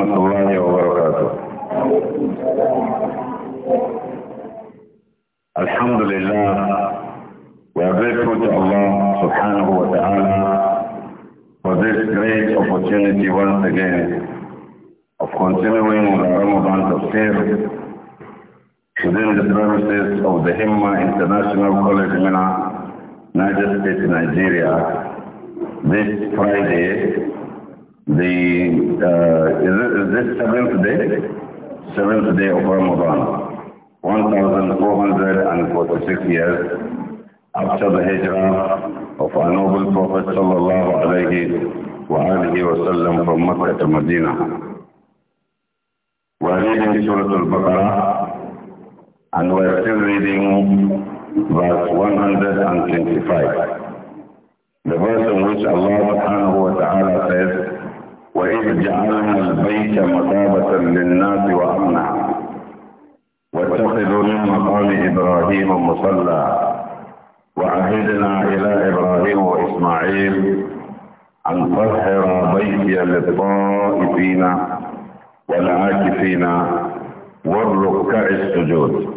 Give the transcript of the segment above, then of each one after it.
ورحمة We are grateful to Allah subhanahu wa ta'ala for this great opportunity once again of continuing the our Ramadan tafsir within the premises of the Himma International College Mina, United States, Nigeria, this Friday, the, uh, is, it, is this seventh day? Seventh day of Ramadan. 1446 years after the hijrah of our noble Prophet sallallahu alayhi wa alihi wa sallam from Makkah to Medina. We are reading Surah Al-Baqarah and we are still reading verse 125. The verse in which Allah subhanahu wa ta'ala says, وإذ جعلنا البيت مثابة للناس وأمنا واتخذوا من مقام إبراهيم مصلى وعهدنا إلى إبراهيم وإسماعيل أن طهر بيتي للطائفين والعاكفين والركع السجود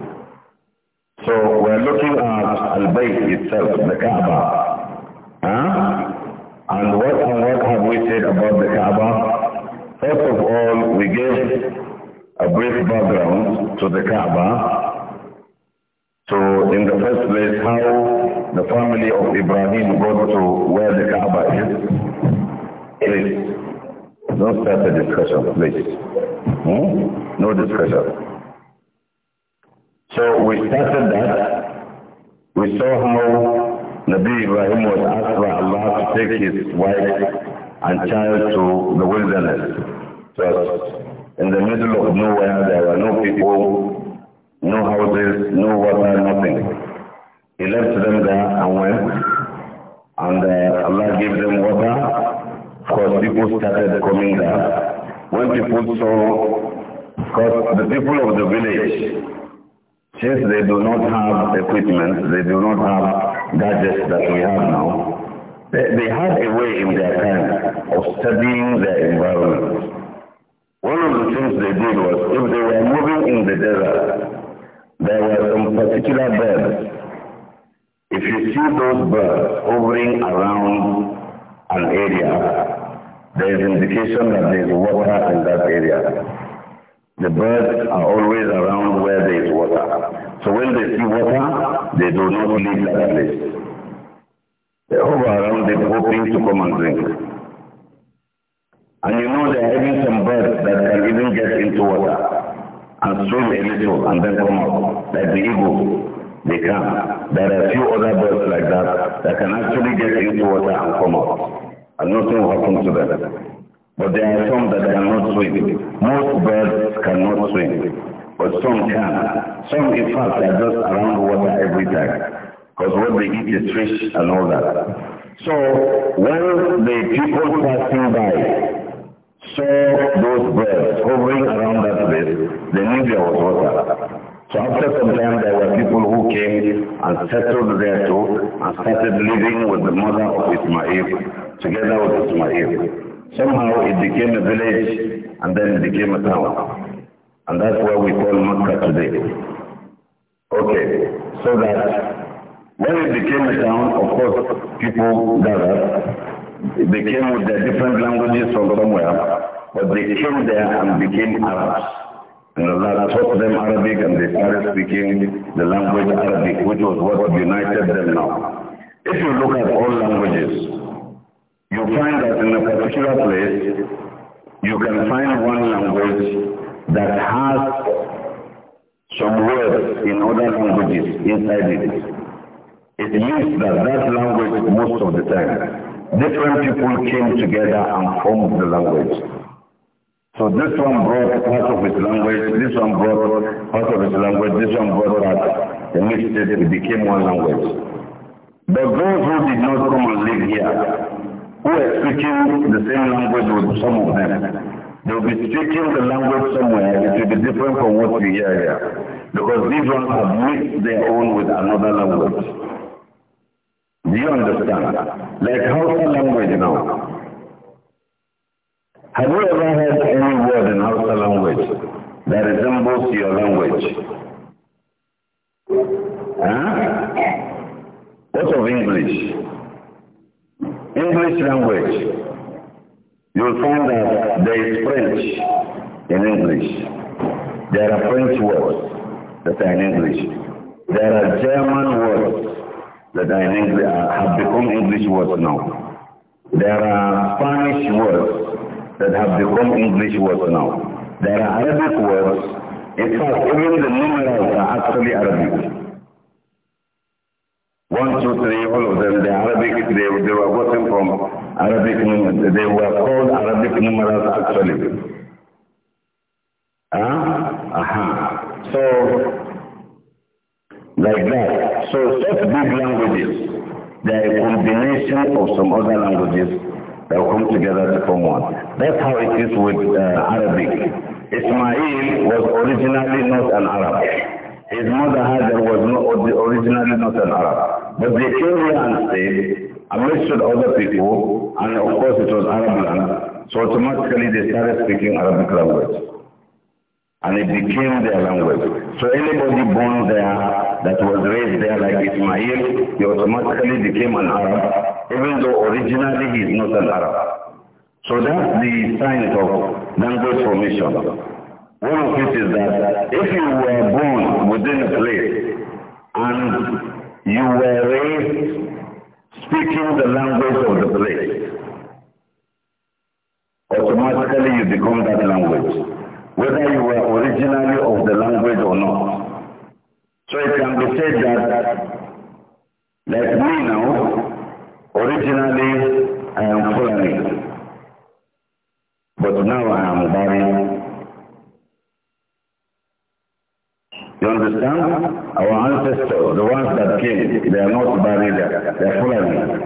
So we're looking at البيت itself, the Kaaba. Huh? And what said about the Kaaba. First of all, we gave a brief background to the Kaaba. So in the first place, how the family of Ibrahim got to where the Kaaba is. Please, don't start the discussion, please. Hmm? No discussion. So we started that. We saw how Nabi Ibrahim was asked by Allah to take his wife and chance to the wilderness. because in the middle of nowhere, there were no people, no houses, no water, nothing. He left them there and went, and uh, Allah gave them water, because people started coming there. When people saw, because the people of the village, since they do not have equipment, they do not have gadgets that we have now, they, they had a way in their time of studying their environment. One of the things they did was if they were moving in the desert, there were some particular birds. If you see those birds hovering around an area, there is indication that there is water in that area. The birds are always around where there is water. So when they see water, they do not leave that place. They hover around it hoping to come and drink. And you know they are having some birds that can even get into water and swim a little and then come out, like the eagle. They can. There are a few other birds like that that can actually get into water and come out. And nothing will happen to them. But there are some that cannot swim. Most birds cannot swim. But some can. Some in fact are just around water every time. Because what they eat is fish and all that. So when the people passing by saw those birds hovering around that place, they knew there was water. So after some time there were people who came and settled there too and started living with the mother of Ismail, together with Ismail. Somehow it became a village and then it became a town. And that's why we call Makkah today. Okay, so that when it became a town, of course, people gathered. They came with their different languages from somewhere, but they came there and became Arabs. And Allah taught them Arabic and they started speaking the language Arabic, which was what united them now. If you look at all languages, you find that in a particular place, you can find one language that has some words in other languages inside it. It means that that language most of the time, different people came together and formed the language. So this one brought part of his language, this one brought part of his language, this one brought that They mixed it, became one language. But those who did not come and live here, who are speaking the same language with some of them, they will be speaking the language somewhere, it will be different from what we hear here. Because these ones have mixed their own with another language. Do you understand? Like Hausa language now. Have you ever heard any word in Hausa language that resembles your language? Huh? What of English? English language. You'll find that there is French in English. There are French words that are in English. There are German words that I think uh, have become English words now. There are Spanish words that have become English words now. There are Arabic words. In fact, even the numerals are actually Arabic. One, two, three, all of them, the Arabic, they, they were gotten from Arabic numerals. They were called Arabic numerals actually. Huh? Ah? Aha. Uh -huh. So, like that. So such big languages, they're a combination of some other languages that come together to form one. That's how it is with uh, Arabic. Ismail was originally not an Arab. His mother Hajar was not originally not an Arab. But they came here and stayed, amidst with other people, and of course it was Arab land, so automatically they started speaking Arabic language. And it became their language. So anybody born there that was raised there like Ismail, he automatically became an Arab, even though originally he is not an Arab. So that's the sign of language formation. One of it is that if you were born within a place and you were raised speaking the language of the place, automatically you become that language, whether you were originally of the language or not. So it can be said that, like me now, originally I am Fulani, but now I am barren. You understand? Our ancestors, the ones that came, they are not buried, they are Fulani.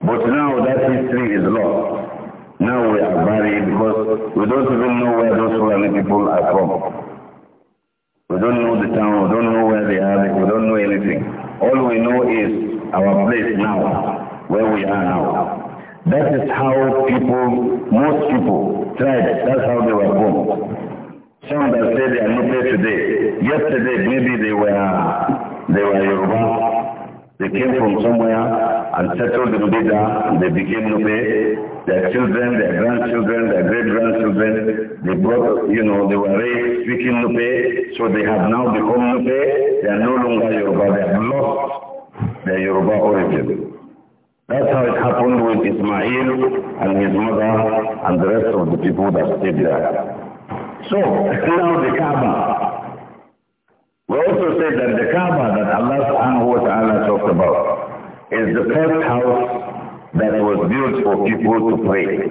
But now that history is lost. Now we are buried because we don't even know where those Fulani people are from. We don't know the town, we don't know where they are, we don't know anything. All we know is our place now, where we are now. That is how people, most people, tried. That's how they were born. Some that say they are not there today. Yesterday, maybe they were, they were Yoruba. They came from somewhere and settled in Bida. They became Nube. Their children, their grandchildren, their great-grandchildren, they brought, you know, they were raised speaking Nube, so they have now become Nube. They are no longer Yoruba. They have lost their Yoruba origin. That's how it happened with Ismail and his mother and the rest of the people that stayed there. So, now the Kaaba. We also said that the Kaaba that Allah subhanahu wa ta'ala talked about, is the first house that was built for people to pray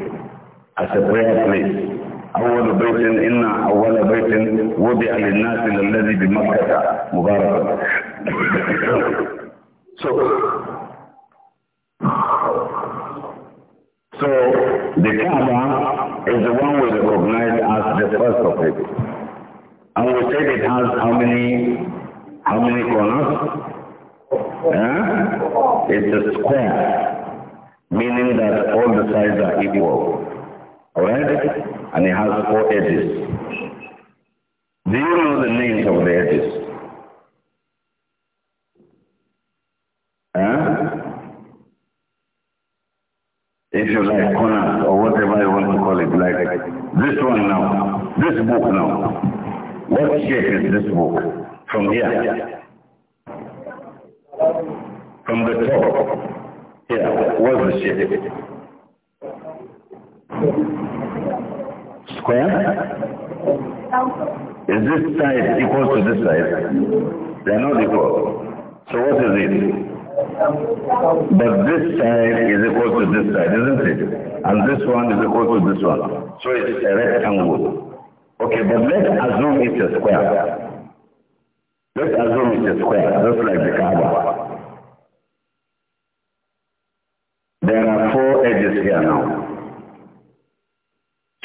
as a prayer place. أول بيت إن أول بيت وضع للناس الذي بمكة مباركة. so, so the Kaaba is the one we recognize as the first of it. And we said it has how many, how many corners? Yeah. It's a square, meaning that all the sides are equal. Alright? And it has four edges. Do you know the names of the edges? Huh? If you like corners or whatever you want to call it, like this one now, this book now. What shape is this book from here? From the top. Yeah, what's the shape? Square? Is this side equal to this side? They are not equal. So what is it? But this side is equal to this side, isn't it? And this one is equal to this one. So it's a rectangle. Okay, but let's assume it's a square. Let's assume it's a square, just like the Kaaba. there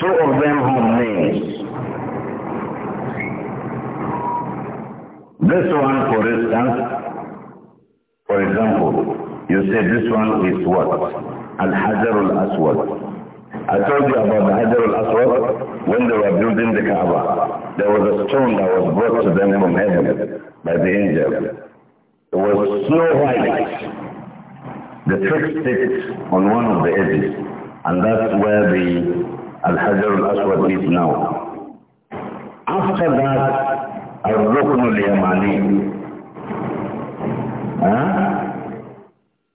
Two of them have names. This one, for instance, for example, you say this one is what? Al-Hajar al-Aswad. I told you about the Hajar al-Aswad when they were building the Kaaba. There was a stone that was brought to them from heaven by the angel. It was snow white. The trick sits on one of the edges, and that's where the Al-Hajar al-Aswad is now. After that, Al-Rukn al-Yamani. Huh?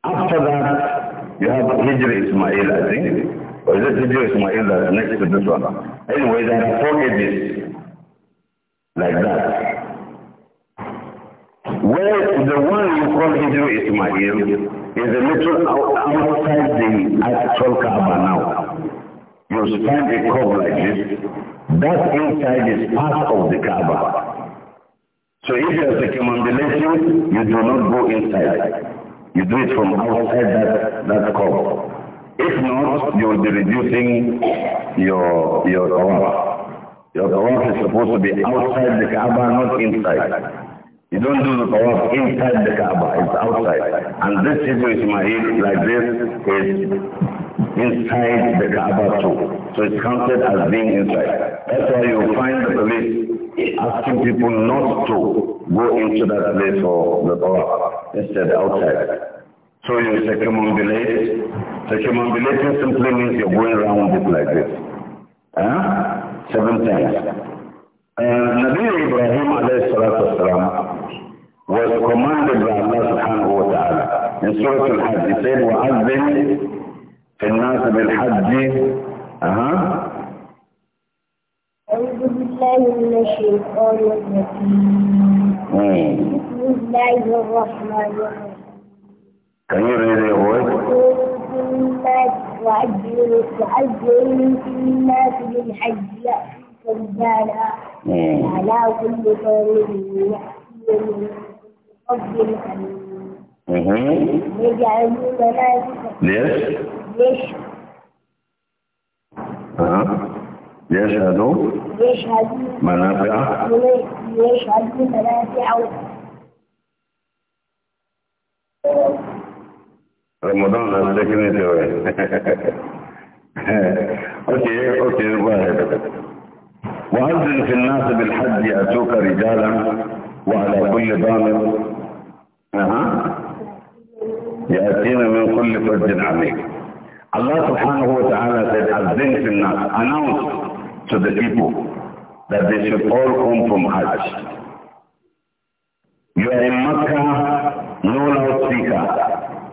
After that, you have Hijr Ismail, I think. Or is it Hijr Ismail that's next to this one? Anyway, there are four edges like that. Where the one you call Hijru Ismail is a little outside the actual Kaaba now. You stand a cove like this. That inside is part of the Kaaba. So if you are circumambulating, you do not go inside. You do it from outside that, that cove. If not, you will be reducing your, your tawaf. Your tawaf is supposed to be outside the Kaaba, not inside. You don't do the tawaf inside the Kaaba, it's outside. And this is Ismail, like this, is inside the Kaaba too. So it's counted as being inside. That's why you find the police asking people not to go into that place for the tawaf, instead outside. So you circumambulate. Circumambulating simply means you're going around it like this. Huh? Seven times. And Nabi Ibrahim alayhi salatu wasalam, was commanded by Allah subhanahu wa ta'ala in Surah Al-Hajj. He said, وَعَذِّنْ فِي النَّاسِ بِالْحَجِّ أها أعوذ بالله من الشيطان الرجيم بسم الله الرحمن الرحيم Can you read your voice? وعجل وعجل في الناس بالحج على كل رب mm-hmm. ليش يجعلون uh-huh. لا ليش؟ ليش؟ أه. يشهدوا ليش ليش يشهدون منافع رمضان هذا لكن انت اوكي اوكي واحد وانزل في الناس بالحج يأتوك رجالا وعلى كل ضامر Allah subhanahu wa ta'ala said, Azin Sinnas, announce to the people that they should all come from Hajj. You are in Makkah, no loudspeaker,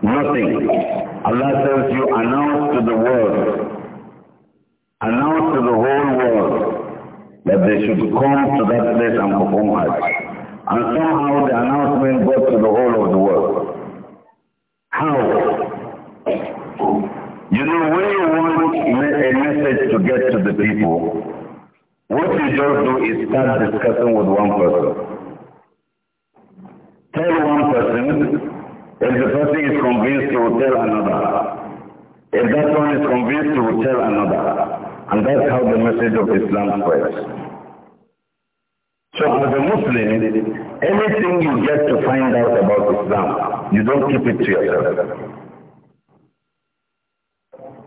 nothing. Allah says you announce to the world, announce to the whole world that they should come to that place and perform Hajj. And somehow the announcement got to the whole of the world. How? You know, when you want a message to get to the people, what you just do is start discussing with one person. Tell one person, if the person is convinced, he will tell another. If that one is convinced, he will tell another. And that's how the message of Islam spreads. So as a Muslim, anything you get to find out about Islam, you don't keep it to yourself.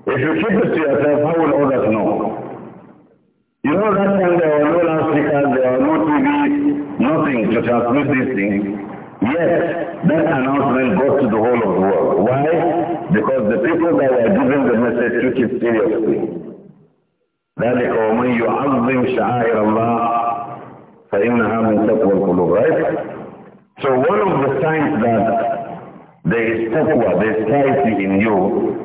If you keep it to yourself, how will others know? You know that time there are no loudspeakers, there are no TV, nothing to transmit these things. Yet, that announcement got to the whole of the world. Why? Because the people that were giving the message took it seriously. ذلك ومن يعظم شعائر الله right so one of the signs that there is taqwa there is piety in you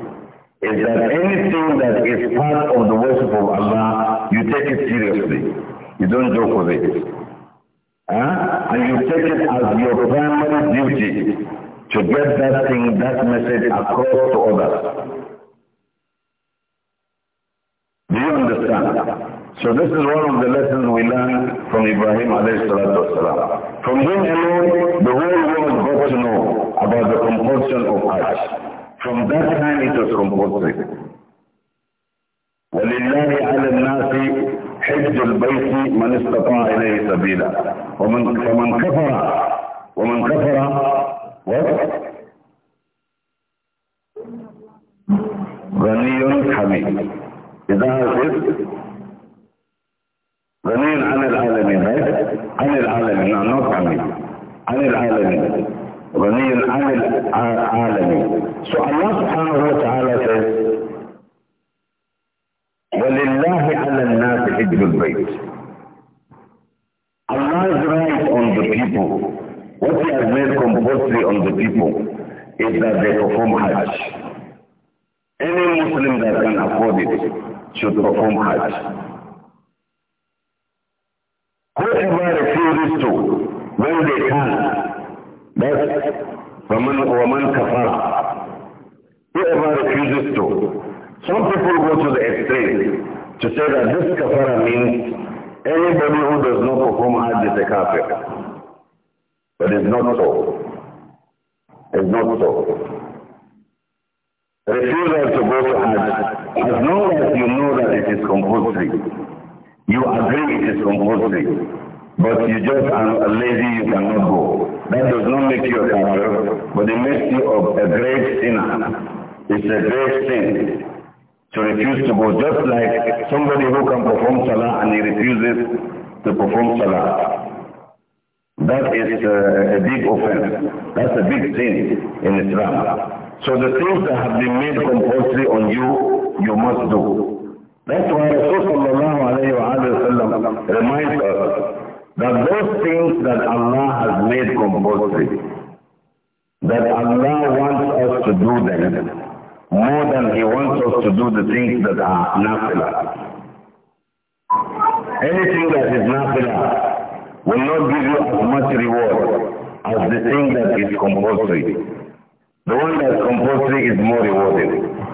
is that anything that is part of the worship of Allah you take it seriously you don't joke with it huh? and you take it as your primary duty to get that thing that message across to others do you understand so this is one of the lessons we learned from Ibrahim والسلام. From him alone, the whole world got to know about the compulsion of Hajj. From that time it was compulsory. ولله على الناس حج البيت من استطاع إليه سبيلا ومن كفر ومن كفر غني حميد إذا هذا عن العالمين غني عن العالمين so Allah سبحانه وتعالى says وَلِلَّهِ عَلَى النَّاسِ حِجْرُ الْبَيْتِ Allah's is right on the people. What He has made compulsory on the people is that they perform Hajj. Any Muslim that can afford it should perform Hajj. Whoever refuses to, when they can. That's وَمَنْ, وَمَنْ كَفَرَ Whoever refuses to. Some people go to the extreme to say that this kafara means anybody who does not perform Hajj is a kafir. But it's not so. It's not so refusal to go to Hajj, as long as you know that it is compulsory, you agree it is compulsory, but you just are lazy, you cannot go. That does not make you a coward, but it makes you a great sinner. It's a great sin to refuse to go, just like somebody who can perform salah and he refuses to perform salah. That is a, a big offense. That's a big sin in Islam. So the things that have been made compulsory on you, you must do. That's why Rasulullah reminds us that those things that Allah has made compulsory, that Allah wants us to do them more than He wants us to do the things that are nafila. Anything that is nafila will not give you as much reward as the thing that is compulsory. The one that is compulsory is more rewarding.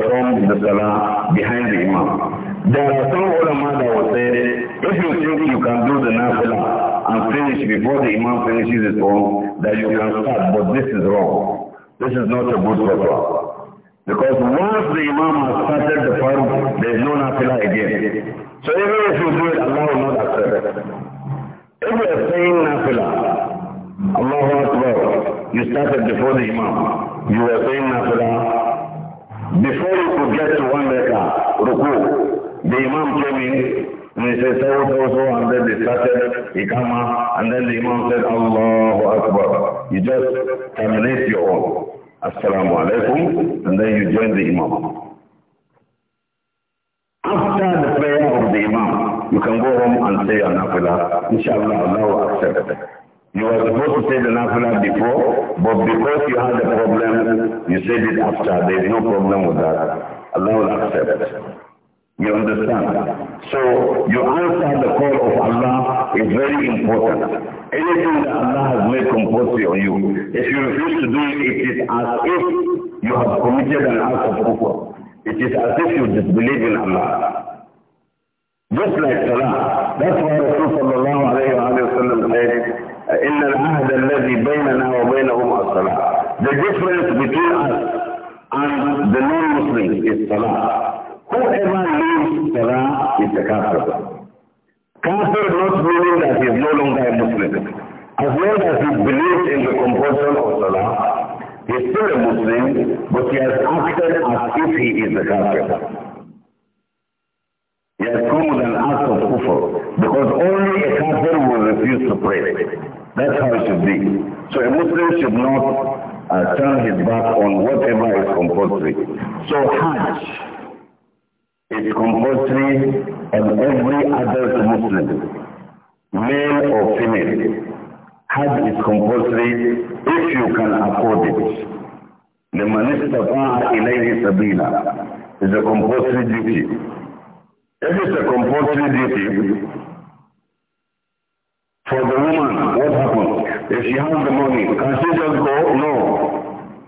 From the salah behind the imam. There are some ulama that will say, if you think you can do the nafilah and finish before the imam finishes his own, that you can start, but this is wrong. This is not a good fatwa. Because once the imam has started the farm, there is no nafilah again. So even if you do it, Allah will not accept it. If you are saying nafilah, Allahu Akbar, you started before the imam, you are saying nafilah, before you could get to one rakah, ruku, the Imam came in and he said, so, also." and then they started Ikama, and then the Imam said, Allahu Akbar. You just terminate your own. Assalamu alaikum, and then you join the Imam. After the prayer of the Imam, you can go home and say an Inshallah, Allah will accept it. You were supposed to say the nafila before, but because you had a problem, you said it after. There is no problem with that. Allah will accept. You understand? So you answer the call of Allah is very important. Anything that Allah has made compulsory on you, if you refuse to do it, it is as if you have committed an act of kufr. It is as if you disbelieve in Allah. Just like Salah. That's why Rasul sallallahu alayhi wa sallam said, إن العهد الذي بيننا وبينهم الصلاة. The difference between us and the non-Muslims is Salah. Whoever leaves Salah is a kafir. Kafir not meaning that he is no longer a Muslim. As long as he believes in the compulsion of Salah, he is still a Muslim, but he has acted as if he is a kafir. He has come with an act of kufr, because only a kafir will refuse to pray. That's how it should be. So a Muslim should not uh, turn his back on whatever is compulsory. So Hajj is compulsory and every adult Muslim, male or female. Hajj is compulsory if you can afford it. The manistafa ilayhi sabila is a compulsory duty. If it's a compulsory duty, for the woman, what happened? If she has the money, can she just go? No.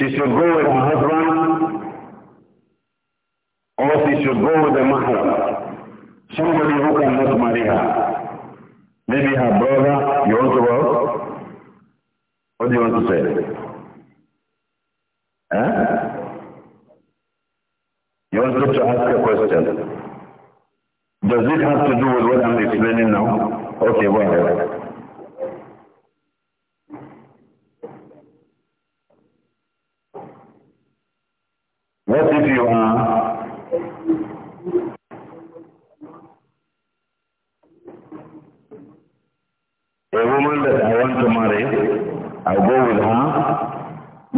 She should go with her husband or she should go with the mahram. Somebody who cannot marry her. Maybe her brother, you want to go? What do you want to say? Huh? You want to ask a question. Does it have to do with what I'm explaining now? ó ti wẹ̀ rẹ̀. wọ́n ti fi hàn án. A woman that I want to marry, I go with her?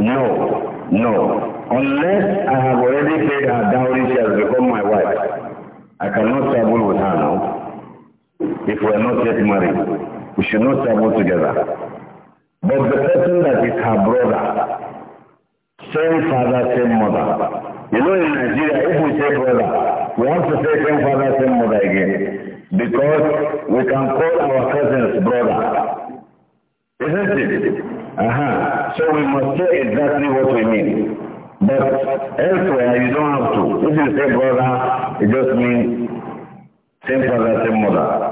No, no. Unless I have already paid her dowry, she has become my wife. I cannot travel with her now if we are not yet married. We should not travel together. But the person that is her brother, same father, same mother. You know in Nigeria, if we say brother, we have to say same father, same mother again. Because we can call our cousins brother. Isn't it? Uh-huh. So we must say exactly what we mean. But elsewhere, you don't have to. If you say brother, it just means same father, same mother.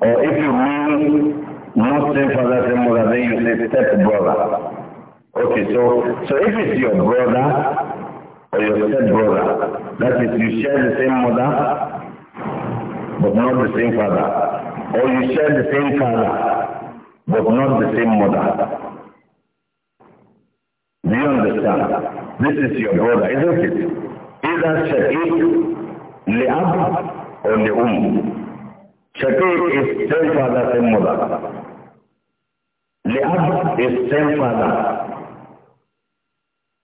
Or if you mean Muslim father and mother, then you say step brother. Okay, so so if it's your brother or your step brother, that is you share the same mother but not the same father. Or you share the same father but not the same mother. Do you understand? This is your brother, isn't it? Either Shakik, leab or leum. Shaqiq is stepfather, same mother. Li'ab is same father.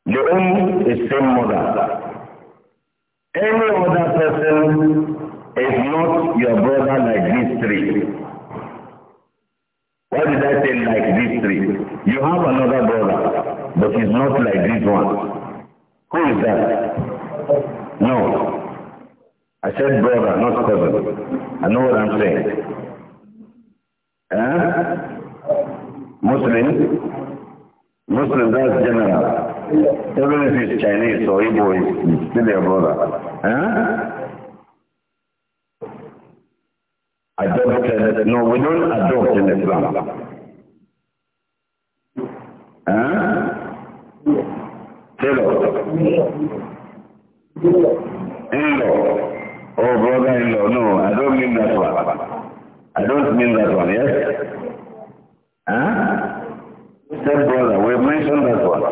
Li'um is same mother. Any other person is not your brother like these three. Why did I say like these three? You have another brother, but he's not like this one. Who is that? No. I said brother, not seven. I know what I'm saying. Eh? Muslim? Muslim, that's general. Even if he's Chinese or Igbo, he's still your brother. Eh? Adopted. No, we don't adopt in Islam. Eh? Tell us. In-law. Oh, brother-in-law, no, I don't mean that one. I don't mean that one, yes? Huh? Step-brother, we mentioned that one.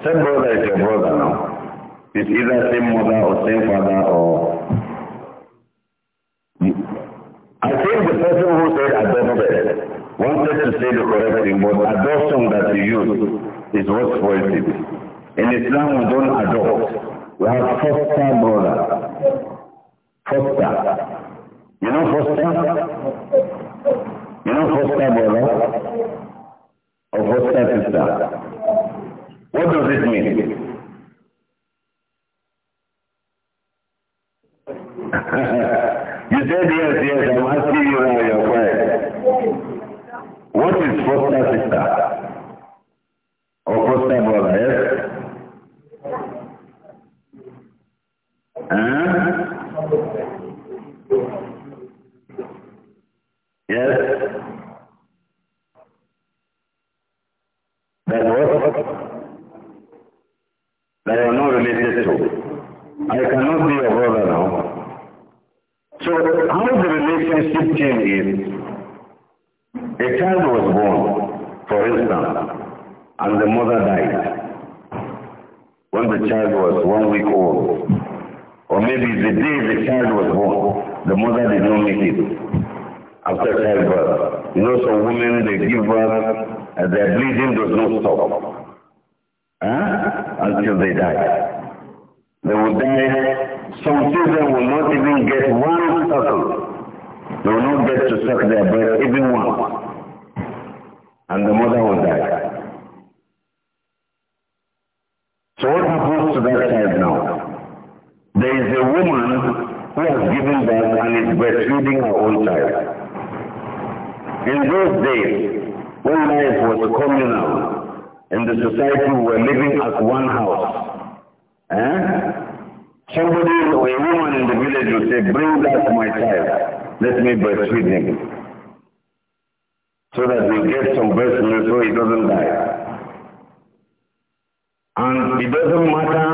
Step-brother is your brother now. It's either same mother or same father or... I think the person who said adopted wanted to say the correct thing, but adoption that you use is what spoils it. In Islam, we don't adopt. We have foster brother. Foster. You know Foster? You know Foster brother? Or Foster sister? What does it mean? a child was born, for instance, and the mother died when the child was one week old. Or maybe the day the child was born, the mother did not make it after childbirth. You know some women, they give birth, and their bleeding does not stop huh? until they die. They will die. Some children will not even get one circle they will not get to suck their breast, even one. And the mother will die. So what happens to that child now? There is a woman who has given birth and is breastfeeding her own child. In those days, when life was communal and the society were living as one house, eh? somebody or a woman in the village would say, bring that my child. let me breastfeed him. So that he get some breast milk so he doesn't die. And it doesn't matter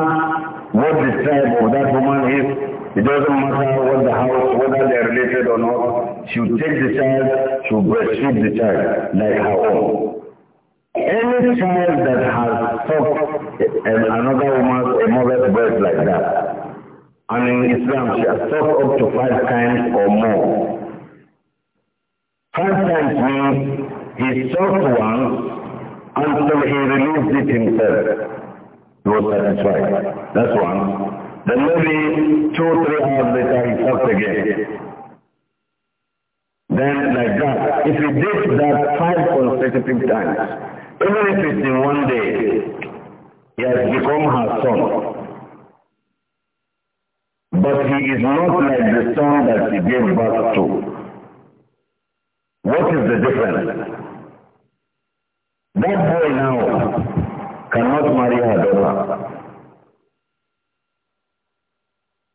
what the tribe of that woman is, it doesn't matter what the house, whether they're related or not, she'll take the child, she'll breastfeed the child like her own. Any child that has sucked another woman's, a mother's breast like that, And in Islam, she has talked up to five times or more. Five times means he taught once until he released it himself. He was satisfied. That's one. Then maybe two, three hours later he taught again. Then like that, if he did that five consecutive times, even if it's in one day, he has become her son. But he is not like the son that he gave birth to. What is the difference? That boy now cannot marry her daughter.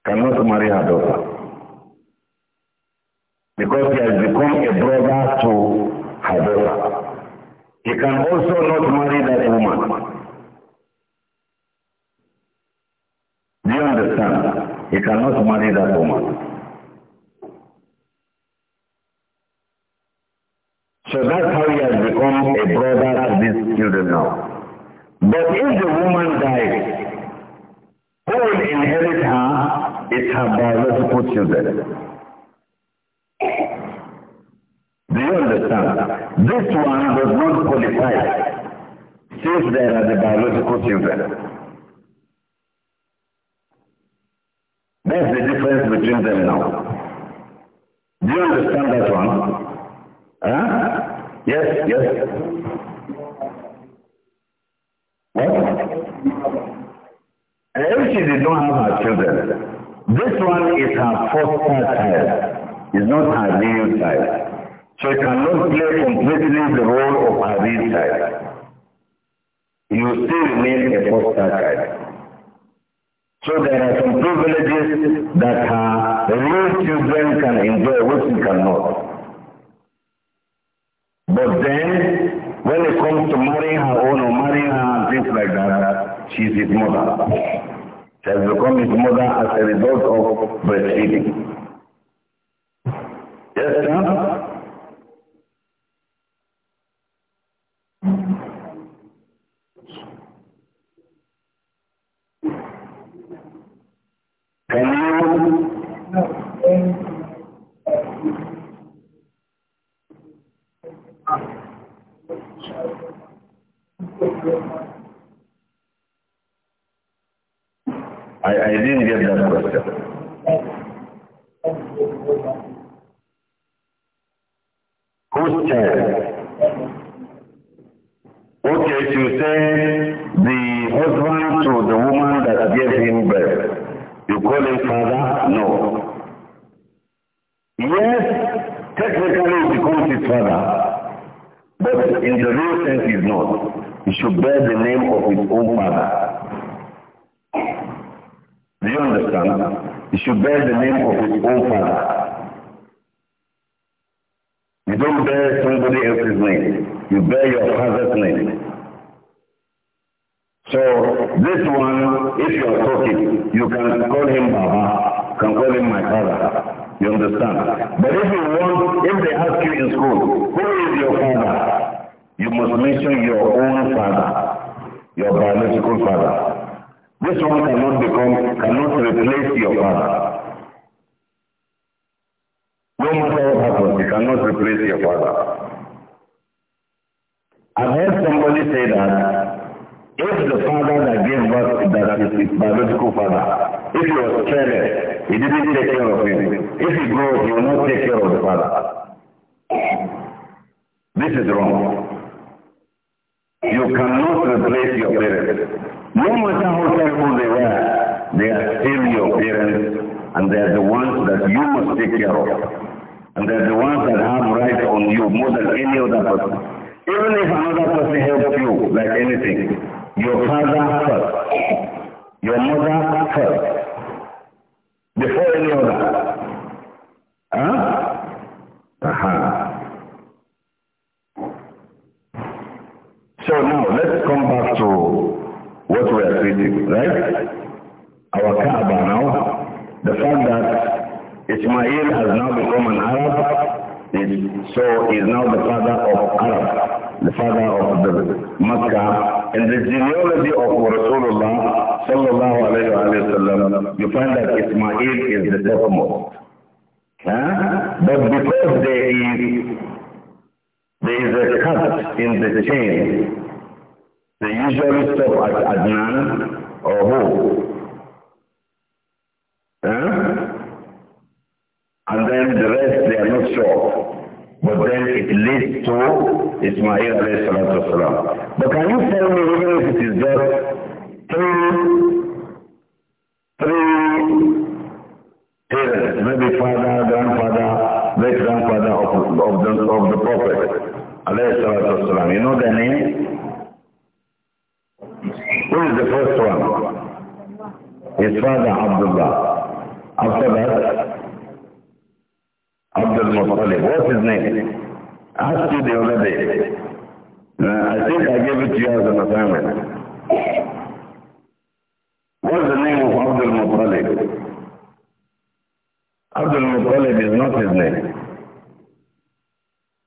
Cannot marry her daughter. Because he has become a brother to her daughter. He can also not marry that woman. hostile type. is not real type. So it cannot play completely the role of real type. You still remain a hostile child. So there are some privileges that uh, real children can enjoy, which we cannot. But then, when it comes to marrying her own or marrying her and things like that, she's his mother has become his mother as a result of breastfeeding. Uber. You call him father? No. Yes, technically he calls his father, but in the real sense he's not. He should bear the name of his own father. Do you understand? He should bear the name of his own father. You don't bear somebody else's name. You bear your father's name. So this one, if you are talking, you can call him Baba, can call him my father. You understand? But if you want, if they ask you in school, who is your father? You must mention your own father, your biological father. This one cannot become, cannot replace your father. No matter what happens, you cannot replace your father. I've heard somebody say that if the father that gave birth, that is his biological father, if he was careless, he didn't take care of him. If he grows, he will not take care of the father. This is wrong. You cannot replace your parents. No matter how terrible they were, they are still your parents and they are the ones that you must take care of. And they are the ones that have right on you more than any other person. Even if another person helps you, like anything, your father first, your mother first, before any other. Huh? Uh huh. So now let's come back to what we are treating, right? Our Kaaba now, the fact that Ismail has now become an Arab, is, so is now the father of Arab, the father of the Makkah In the genealogy of Rasulullah sallallahu alayhi wa sallam, you find that Ismail is the topmost. Huh? But because there is, there is a cut in the chain, they usually stop at Adnan or who? leads to Ismail alayhi salatu wasalam. But can you tell me, even if it is just three, three parents, maybe father, grandfather, great grandfather of, of, the, of the Prophet alayhi salatu wasalam. You know the name? Who is the first one? His father, Abdullah. After that, Abdul Muttalib. What's his name? asked you the other day. Uh, I think I gave it to you as an assignment. What's the name of Abdul Muttalib? Abdul Muttalib is not his name.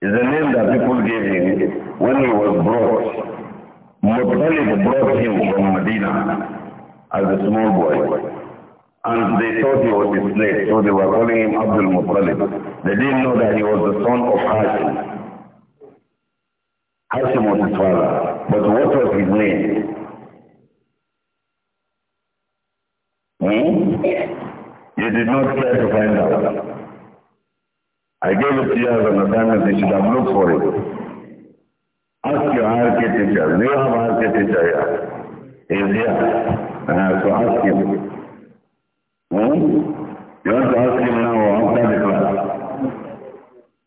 It's a name that people gave him when he was brought. Muttalib brought him from Medina as a small boy and they thought he was his slave, so they were calling him Abdul Muttalib. They didn't know that he was the son of Hashim. Hashem was his father, but what was his name? Hmm? He did not care to find out. I gave it to you as an assignment, you should have looked for it. Ask your hierarchy teacher. Do you have a teacher here? He's here. Uh, so ask him. Hmm? You want to ask him now or after the class?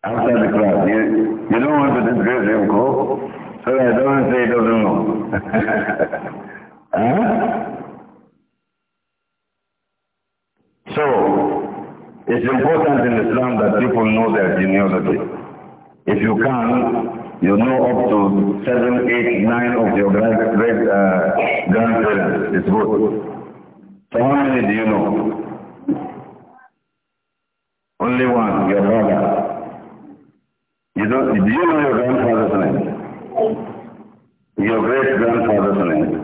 After the class, you don't want to disgrace him, Go. so I don't say he doesn't know. huh? So, it's important in Islam that people know their genealogy. If you can, you know up to seven, eight, nine of your great, great, uh, grandparents. It's good. So how many do you know? Only one, your brother. You don't, do you know your grandfather's name? Your great grandfather's name?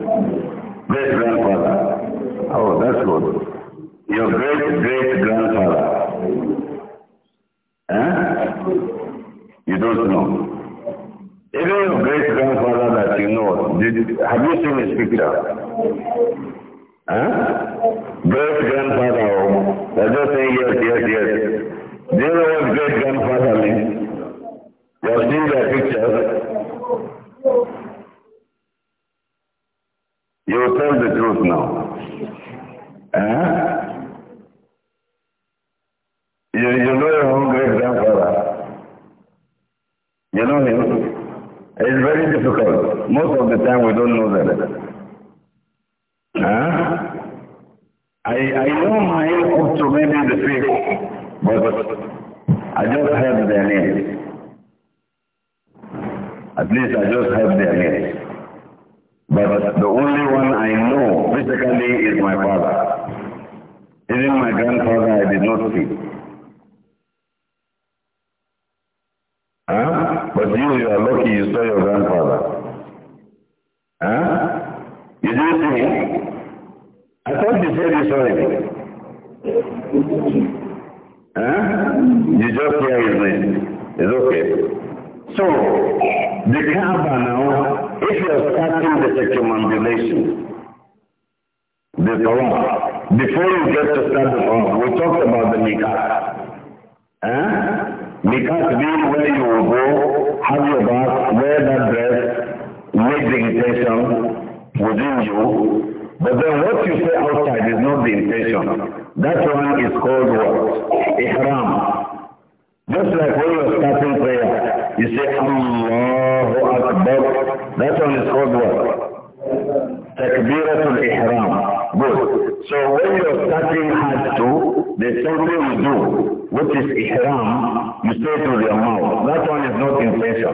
your mouth. That one is not intention.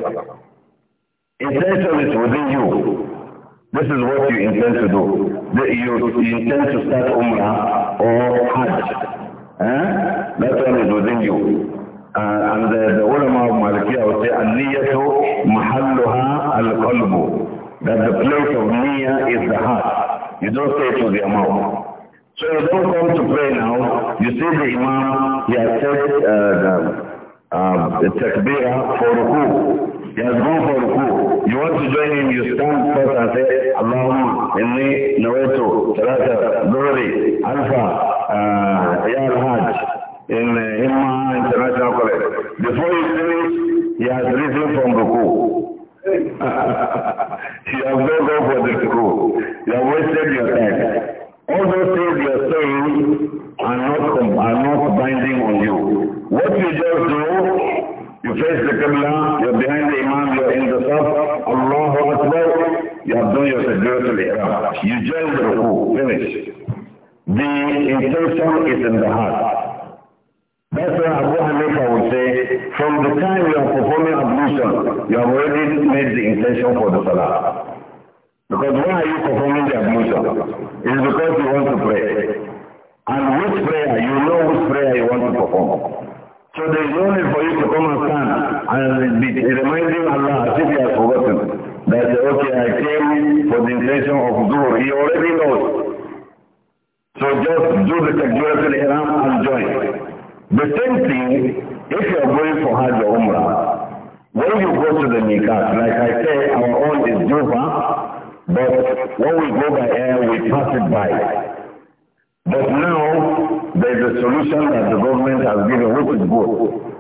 Intention is within you. This is what you intend to do. You, intend to start Umrah or Hajj. Eh? That one is within you. Uh, and the, the ulama of Malikiya would say, An-niyatu mahalluha al-qalbu. That the place of niyyah is the heart. You don't say it to the mouth. So you don't come to pray now. You see the Imam, he has said uh, the Um, takbirah for ruku. He has gone for ruku. You want to join him, you stand first and say, Allahumma inni nawaitu salata dhuhri alfa uh, ya al-hajj in uh, Himma International College. Before he finish, he has risen from ruku. he has not gone for the ruku. You have wasted your time. All those things you are saying are not, are not binding on you. What you just do, you face the Qibla, you're behind the Imam, you're in the Saf, Allahu Akbar, you have done your Sajjatul You join the Ruku, finish. The intention is in the heart. That's why Abu Hanifa would say, from the time you are performing ablution, you have already made the intention for the Salah. Because why are you performing the ablution? is because you want to pray. And which prayer, you know which prayer you want to perform. So there is only for you to come and stand and be reminding Allah as if you have forgotten that, okay, I came for the intention of Zuhr. He already knows. So just do the Takbiratul Ihram and join. The same thing, if you are going for Hajj or Umrah, when you go to the Mikat, like I say, our own is Jufa, But when we go by air, we pass it by. But now, there's a solution that the government has given, which is good.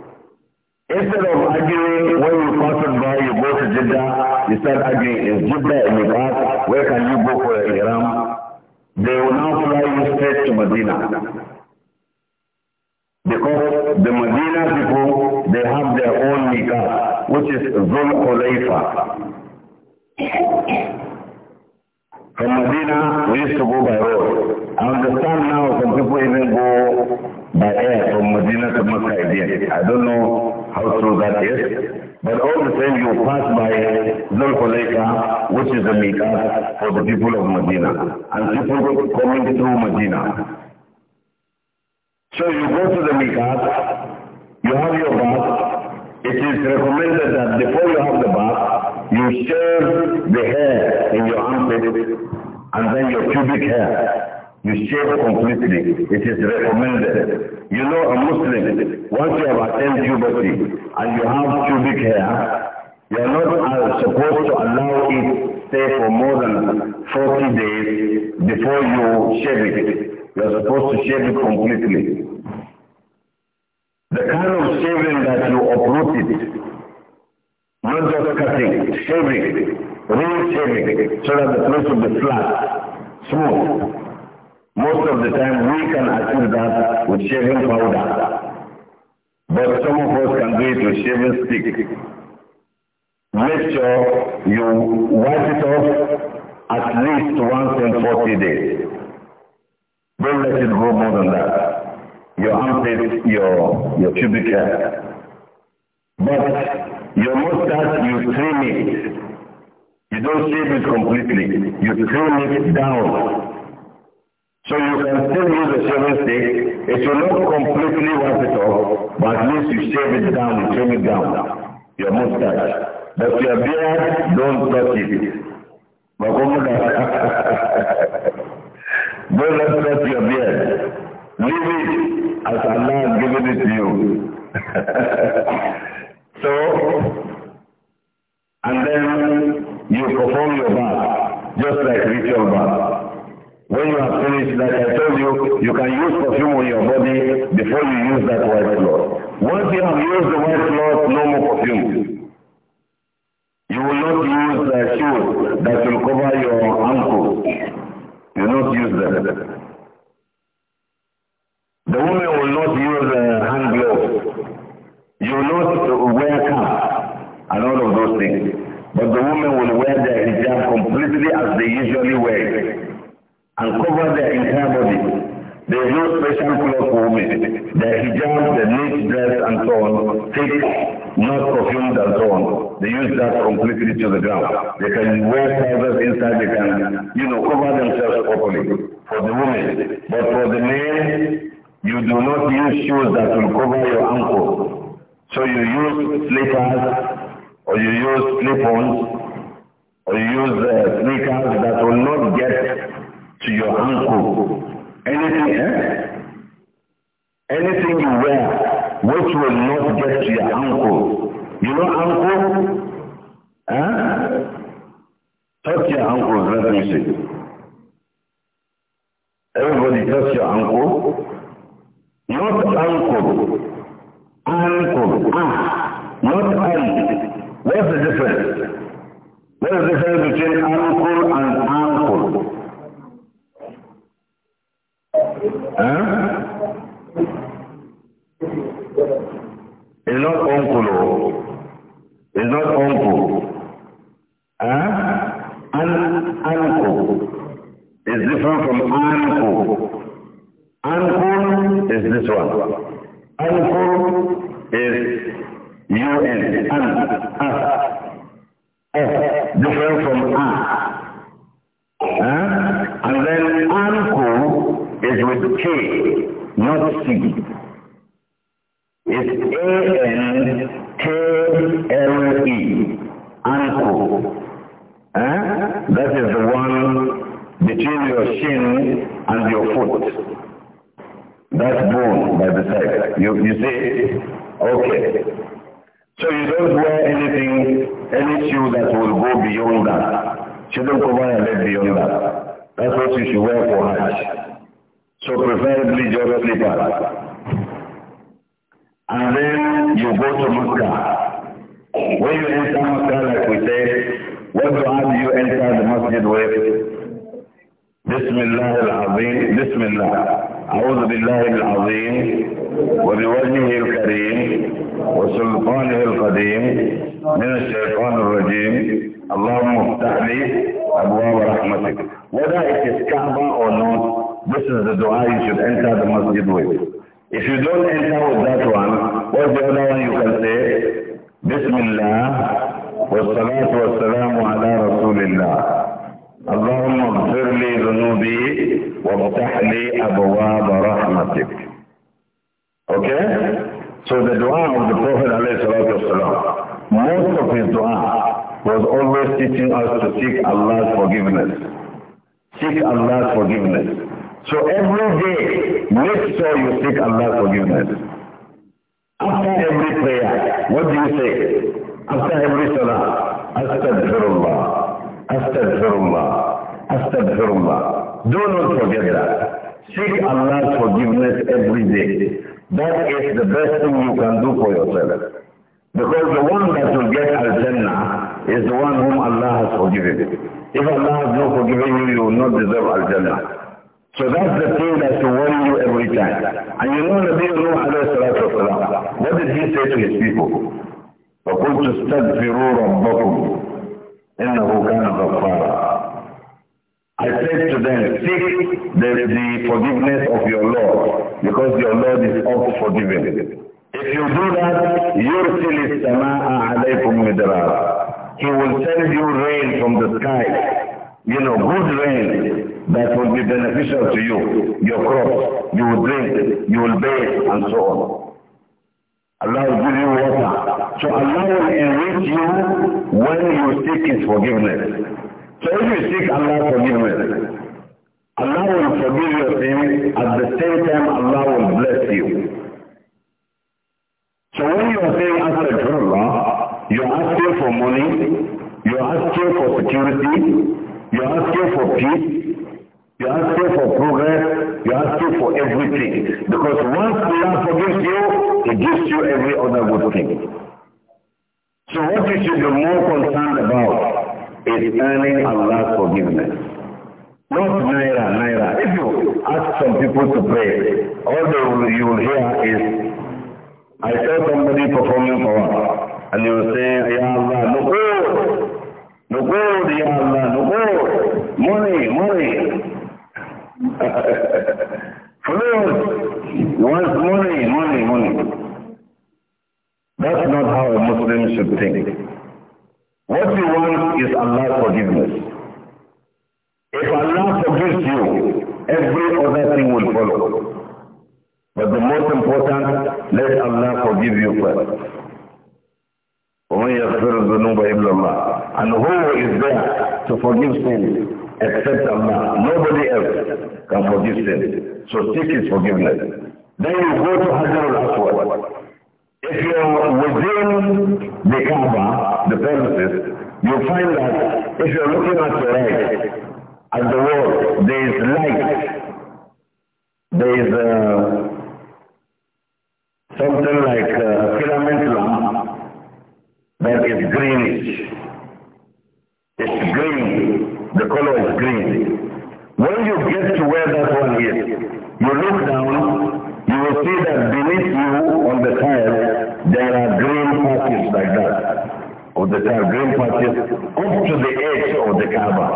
Instead of arguing when you pass it by, you go to Jeddah, you start arguing, is Jeddah in Iraq? Where can you go for Iran? They will now fly you straight to Medina. Because the Medina people, they have their own Mika, which is Zul Khulaifa. From Medina, we used to go by road. I understand now some people even go by air from Medina to Mecca again. I don't know how true that is. But all the same, you pass by Zulfalaika, which is the miqat for the people of Medina, and people coming through Medina. So you go to the miqat, you have your bath. It is recommended that before you have the bath, you shave the hair in your armpit and then your pubic hair. You shave completely. It is recommended. You know a Muslim, once you have attained puberty and you have pubic hair, you are not uh, supposed to allow it stay for more than 40 days before you shave it. You are supposed to shave it completely. The kind of shaving that you uproot not just cutting, shaving, real shaving, so that the place will be flat, smooth. Most of the time we can achieve that with shaving powder. But some of us can do it with shaving stick. Make sure you wipe it off at least once in 40 days. Don't let it grow more than that your armpit, your, your pubic hair. But Your mustache, you trim it. You don't shave it completely. You trim it down. So you can still use a shaving stick. It will not completely wipe it off, but at least you shave it down, you trim it down. Your mustache. But your beard, don't touch it. don't let touch your beard. Leave it as Allah has given it to you. So, and then you perform your bath, just like ritual bath. When you have finished, like I told you, you can use perfume on your body before you use that white cloth. Once you have used the white cloth, no more perfume. You will not use the shoes that will cover your ankles. You will not use them. The woman will not use as they usually wear and cover their entire body. There is no special clothes for women. The hijab, the neat dress and so on, thick, not perfumed and so on. They use that completely to the ground. They can wear trousers inside, they can, you know, cover themselves properly for the women. But for the men, you do not use shoes that will cover your ankle. So you use slippers or you use slip-ons or use uh, sneakers that will not get to your ankle. Anything, eh? Anything you wear which will not get to your ankle. You know ankle? Huh? Eh? Touch your ankles, let me see. Everybody touch your ankle. Not ankle. Ankle. Ah. Not ankle. What's the difference? There is a difference between uncle and uncle. Huh? It's not uncle. Oh. It's not uncle. Huh? An uncle is different from uncle. Uncle is this one. Uncle is U-N. An. Ah. Uh, ah. Uh different from an. Huh? And then anko is with K, not C. It's A-N-K-L-E, anko. Huh? That is the one between your shin and your foot. That bone by the side. You, you see? Okay. So you don't wear anything, any shoe that will go beyond that. do not cover your beyond that. That's what you should wear for Hajj. So preferably just that. And then you go to Makkah. When you enter Makkah, like we say, what do you enter the masjid with? Bismillah al-Azim, Bismillah. أعوذ بالله العظيم وبوجهه الكريم وسلطانه القديم من الشيطان الرجيم اللهم افتح لي أبواب رحمتك Whether it is Kaaba or not, this is the dua you should enter the masjid with. If you don't enter with that one, what's the other one you can say? Bismillah, والصلاة والسلام على رسول الله. اللهم اغفر لي ذنوبي وافتح لي أبواب رحمتك Okay? So the dua of the Prophet عليه والسلام, most of his dua was always teaching us to seek Allah's forgiveness. Seek Allah's forgiveness. So every day, make sure you seek Allah's forgiveness. After every prayer, what do you say? After every salah, Astaghfirullah. Astaghfirullah. Astaghfirullah. Do not forget that. Seek Allah's forgiveness every day. That is the best thing you can do for yourself. Because the one that will get Al-Jannah is the one whom Allah has forgiven. If Allah has not forgiven you, you will not deserve Al-Jannah. So that's the thing that should worry you every time. And you know Nabi Nuh alayhi salatu wasalam, what did he say to his people? فَقُلْتُ اسْتَغْفِرُوا رَبَّكُمْ إنه كان غفارا I said to them, seek the, the forgiveness of your Lord, because your Lord is also forgiving. If you do that, يُرْسِلِ السَّمَاءَ عَلَيْكُمْ مِدْرَارًا He will send you rain from the sky, you know, good rain that will be beneficial to you, your crops, you will drink, you will bathe, and so on. Allah will give you water so Allah will enrich you when you seek His forgiveness. So if you seek Allah's forgiveness, Allah will forgive your sins. At the same time, Allah will bless you. So when you are saying Allah, you are asking for money, you are asking for security, you are asking for peace, you are asking for progress, you are asking for everything. Because once Allah forgives you, He gives you every other good thing. So what you should be more concerned about is earning Allah's forgiveness. Not naira, naira. If you ask some people to pray, all they will you will hear is, I saw somebody performing for us. And you will say, Ya Allah, no good. No good, Ya Allah, no good. Money, money. Flute. You money, money, money. That's not how a Muslim should think. What you want is Allah's forgiveness. If Allah forgives you, every other thing will follow. But the most important, let Allah forgive you first. وَمَنْ يَغْفِرُ الذُّنُوبَ إِلَّا اللَّهِ And who is there to forgive sins except Allah? Nobody else can forgive sins. So seek His forgiveness. Then you go to Hajar al-Aswad. If you're within the Kaaba, the premises, you'll find that if you're looking at the right, at the wall, there is light. There is uh, something like a filament lamp that is greenish. It's green. The color is green. When you get to where that one is, you look down you will see that beneath you on the tile, there are green patches like that. Of the tile, green patches up to the edge of the Kaaba.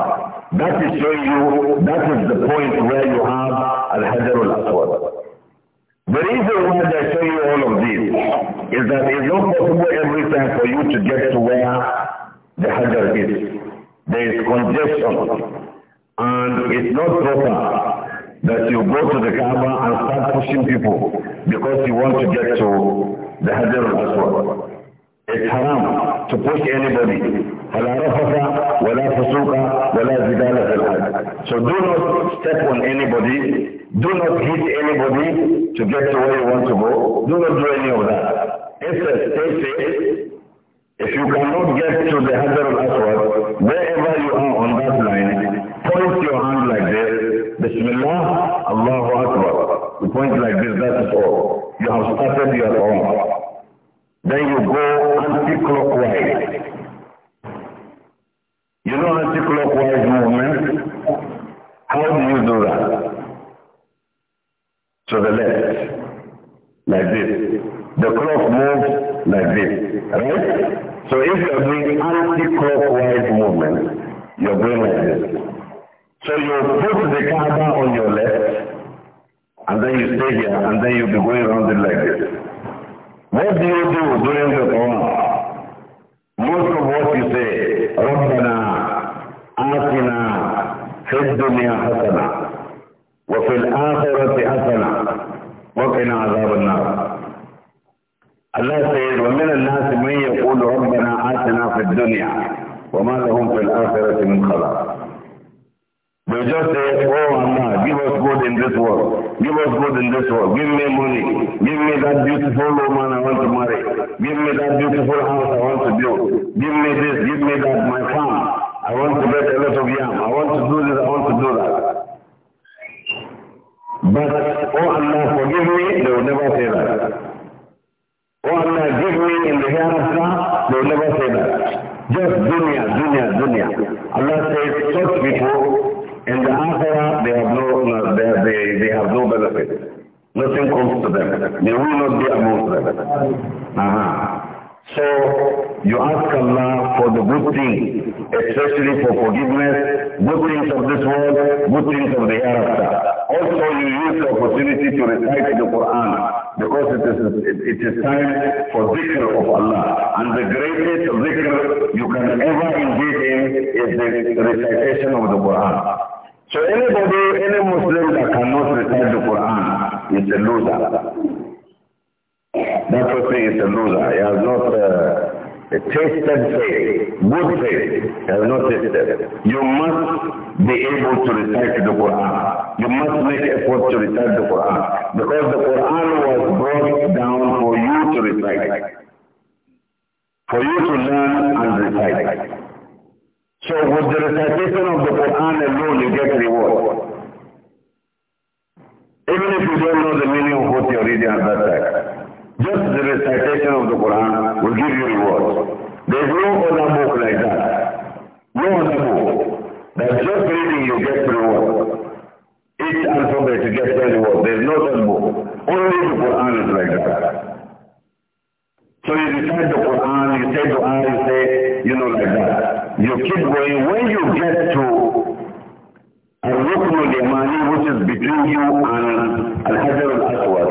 That is showing you, that is the point where you have Al-Hajar al-Aswad. The reason why I show you all of this is that it's not possible every time for you to get to where the Hajar is. There is congestion and it's not proper that you go to the Kaaba and start pushing people because you want to get to the Hajar al-Aswad. It's haram to push anybody. So do not step on anybody. Do not hit anybody to get to where you want to go. Do not do any of that. Instead, stay safe. If you cannot get to the Hajar al-Aswad, wherever you are on that line, point your hand like this Bismillah, Allahu Akbar. You point like this, that is all. You have started your own. Then you go anti-clockwise. You know anti-clockwise movement? How do you do that? To the left, like this. The clock moves like this, right? So if you're doing anti-clockwise movement, you're going like this. So you put the Kaaba on your left, and then you stay here, and then you'll be going around it like this. What do you do during the Quran? Most of what you say, رَبَّنَا آتِنَا فِي الدُّنْيَا حَسَنَا وفي الآخرة حَسَنَا وقنا عذاب النار الله سيد ومن الناس من يقول ربنا آتنا في الدنيا وما لهم في الآخرة من خلاق They just say, oh Allah, give us good in this world. Give us good in this world. Give me money. Give me that beautiful woman I want to marry. Give me that beautiful house I want to build. Give me this, give me that, my farm. I want to get a lot of yam. I want to do this, I want to do that. But, oh Allah, forgive me, they will never Uh-huh. So you ask Allah for the good things, especially for forgiveness, good things of this world, good things of the hereafter. Also you use the opportunity to recite the Quran because it is, it is time for zikr of Allah. And the greatest zikr you can ever engage in is the recitation of the Quran. faith, good faith, has not tasted. You must be able to recite the Quran. You must make effort to recite the Quran. Because the Quran was brought down for you to recite. For you to learn and recite. So with the recitation of the Quran alone, you get reward. Even if you don't know the meaning of what you're reading at that time, just the recitation of the Quran will give you reward. There's no other book like that. No other book. That just reading you get reward. Each alphabet you get reward. There's no other book. Only the Quran is like that. So you recite the Quran, you say Quran, you say, you know, like that. You keep going. When you get to a rukn al-yamani, which is between you and al-hajar al-aswad,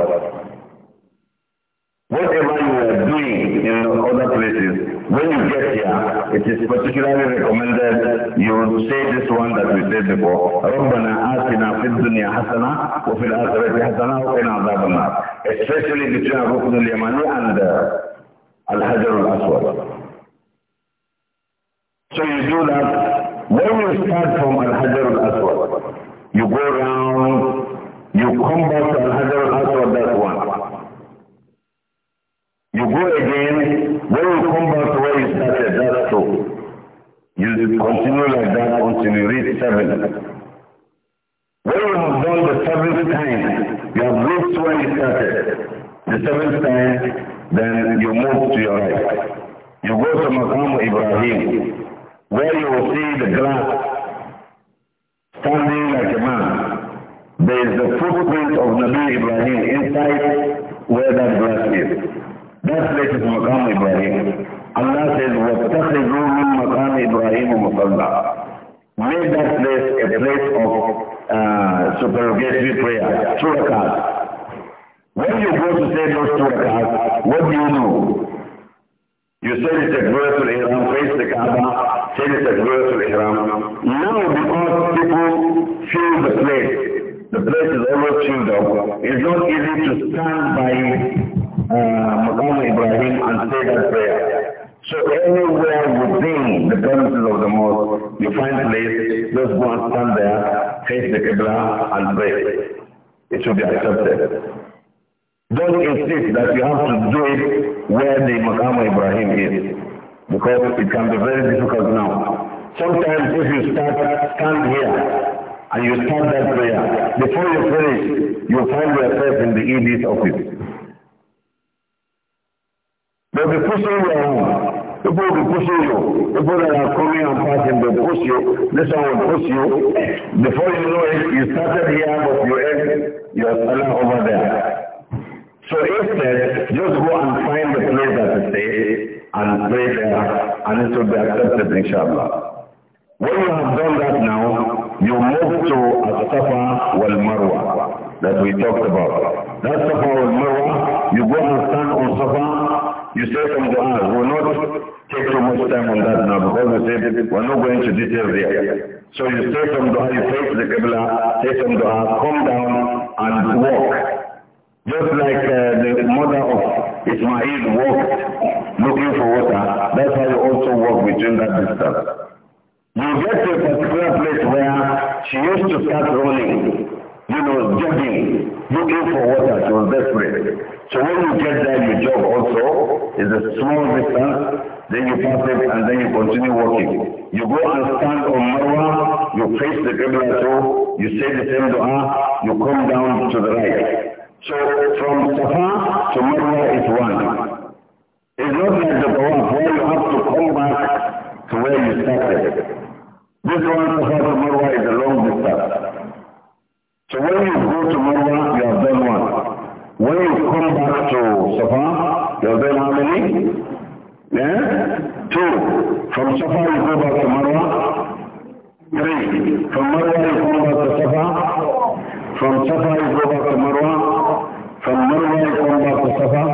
whatever you are doing in other places, when you get here, it is particularly recommended you say this one that we said before. رَبَّنَا آتِنَا فِي الدُّنْيَا حَسَنَةً وَفِي الْآخِرَةِ حَسَنَةً وَقِنَا عَذَابَ النَّارِ Especially between Rukn al-Yamani and uh, Al-Hajar al-Aswad. So you do that. When you start from Al-Hajar al-Aswad, you go around. you come back to Al-Hajar al-Aswad, that's one. you pray some Dua, you pray the Qibla, say some Dua, come down and walk. Just like uh, the mother of Ismail walked looking for water, that's how you also walk between that distance. You get to a particular place where she used to start rolling you know, looking for water. She was desperate. So when you get there, your job also. is a small distance. Then you pass it and then you continue walking. You go and stand on Marwa. You face the Qibla too. You say the same dua. You come down to the right. So from Safa to Marwa is one. It's not like the Tawaf where you have to come back to where you started. This one, Safa to Marwa is a long distance. So when you go to Marwa, you have done one. When you come back to Safa, you have done how many? Yeah? Two. From Safa you go back to Marwa. Three. From Marwa you come back to Safa. From Safa you go back to Marwa. From Marwa you come back to Safa.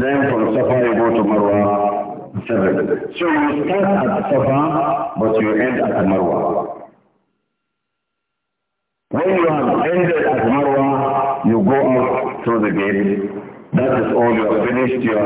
Then from Safa you go to Marwa. Seven. So you start at Safa, but you end at Marwa. When you have ended at Marwa, you go out through the gate. That is all. You have finished your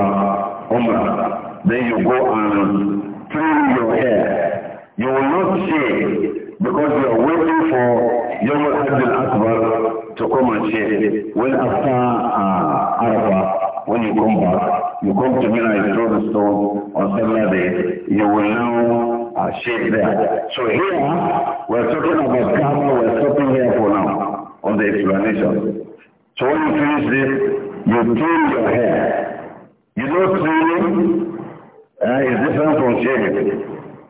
Umrah. Then you go and trim your hair. You will not shave because you are waiting for Yom Hajj akbar to come and shave. When after uh, Arafah, when you come back, you come to Mina, you throw the stone on days. you will now Uh, shape there. So here, we're talking about karma, we're stopping here for now on the explanation. So when you finish this, you trim your hair. You know trimming uh, is different from shaving.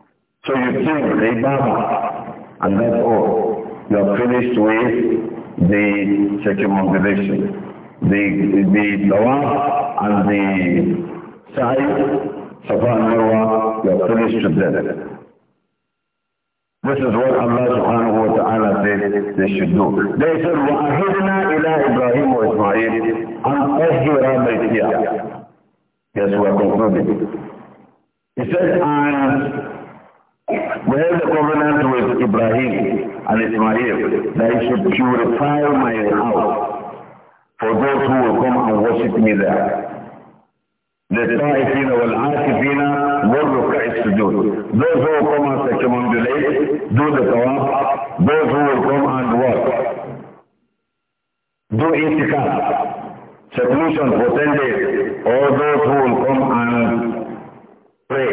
So you trim the barber, and that's all. You are finished with the circumambulation, the, the tawaf and the side subhanahu you're finished to death. This is what Allah subhanahu wa ta'ala said they should do. They said, وَأَهِدْنَا إِلَىٰ إِبْرَاهِيمُ وَإِسْمَعِيلِ أَنْ أَهِرَ بَيْتِيَا Yes, we are concluding. He said, and we have the covenant with Ibrahim and Ismail that I should purify my house for those who will come and worship me there the ta'ifin wal atifin wal ruka'i sujud. Those who come and circumambulate, do the tawaf. Those who will come and work, do itikaf, seclusion for 10 days. All those who will come and pray,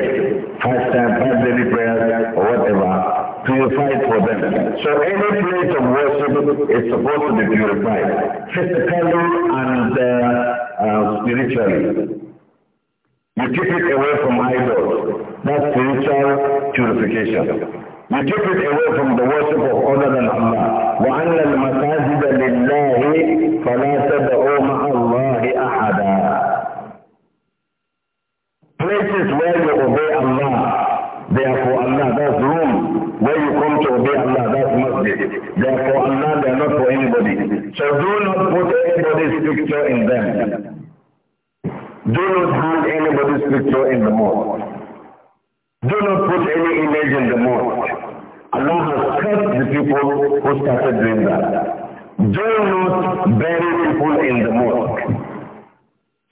fast, times, five daily prayers or whatever, purified for them. So any place of worship is supposed to be purified, physically and uh, uh, spiritually. You keep it away from idols. That's spiritual purification. You keep it away from the worship of other than Allah. وَأَنَّ الْمَسَاجِدَ لِلَّهِ فَلَا تَدْعُوا مَعَ اللَّهِ أَحَدًا Places where you obey Allah, therefore Allah. That's room where you come to obey Allah. That's masjid. therefore for Allah. They are not for anybody. So do not put anybody's picture in them. Do not hand anybody's picture in the mosque. Do not put any image in the mosque. Allah has cursed the people who started doing that. Do not bury people in the mosque.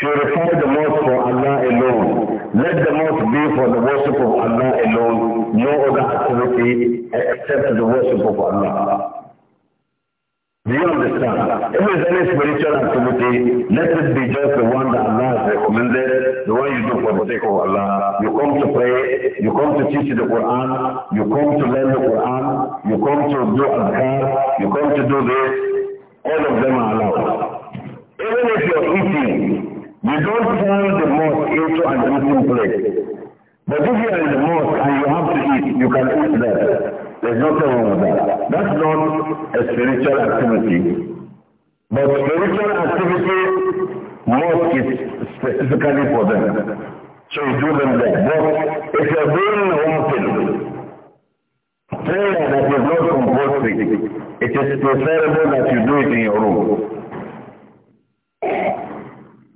Purify the mosque for Allah alone. Let the mosque be for the worship of Allah alone, no other activity except the worship of Allah. Do you understand? If there's any spiritual activity, let it be just the one that Allah has recommended, the one you do for the sake of Allah. You come to pray, you come to teach the Quran, you come to learn the Quran, you come to do adhkar, you come to do this. All of them are allowed. Even if you're eating, you don't turn the mosque into an eating place. But if you are in the mosque, nothing wrong with that. That's not a spiritual activity. But spiritual activity, most is specifically for them. So you do them there. But if you're doing one thing, prayer that is not compulsory, it is preferable that you do it in your room.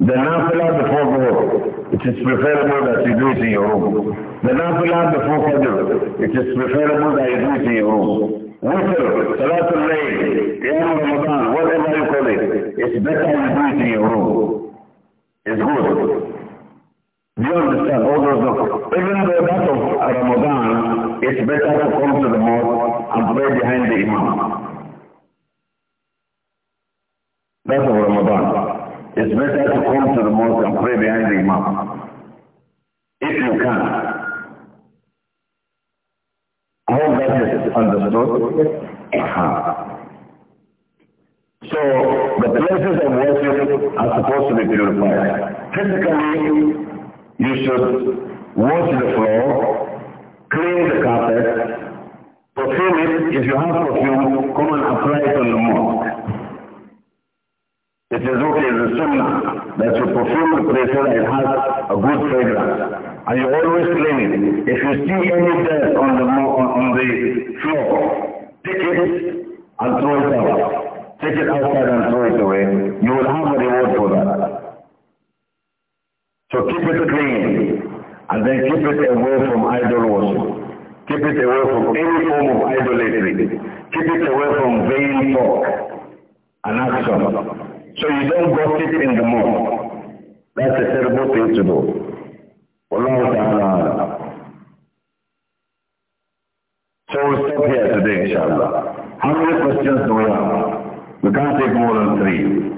The nafila before Dhuhr, it is preferable that you do it in your room. The nafila before Qadr, it is preferable that you do it in your room. Witr, Salatul Layl, Yom Ramadan, whatever you call it, it's better you do it in your room. It's good. Do you understand? All those of, even though that of Ramadan, it's better to come to the mosque and pray behind the imam. That's of Ramadan. It's better to come to the mosque and pray behind the imam. If you can. All that is understood. Uh -huh. So the places of worship are supposed to be purified. Physically, you should wash the floor, clean the carpet, perfume it. If you have perfume, come and apply it on the mosque. It is okay, a sunnah, that you perfume the prayer and it has a good fragrance. And you always clean it. If you see any dirt on the, on, on the floor, take it and throw it out. Take it outside and throw it away. You will have a reward for that. So keep it clean. And then keep it away from idol worship. Keep it away from any form of idolatry. Keep it away from vain talk and action. So you don't gossip in the moon. That's a terrible thing to do. ta'ala. So we'll stop here today, inshallah. How many questions do we have? We can't take more than three.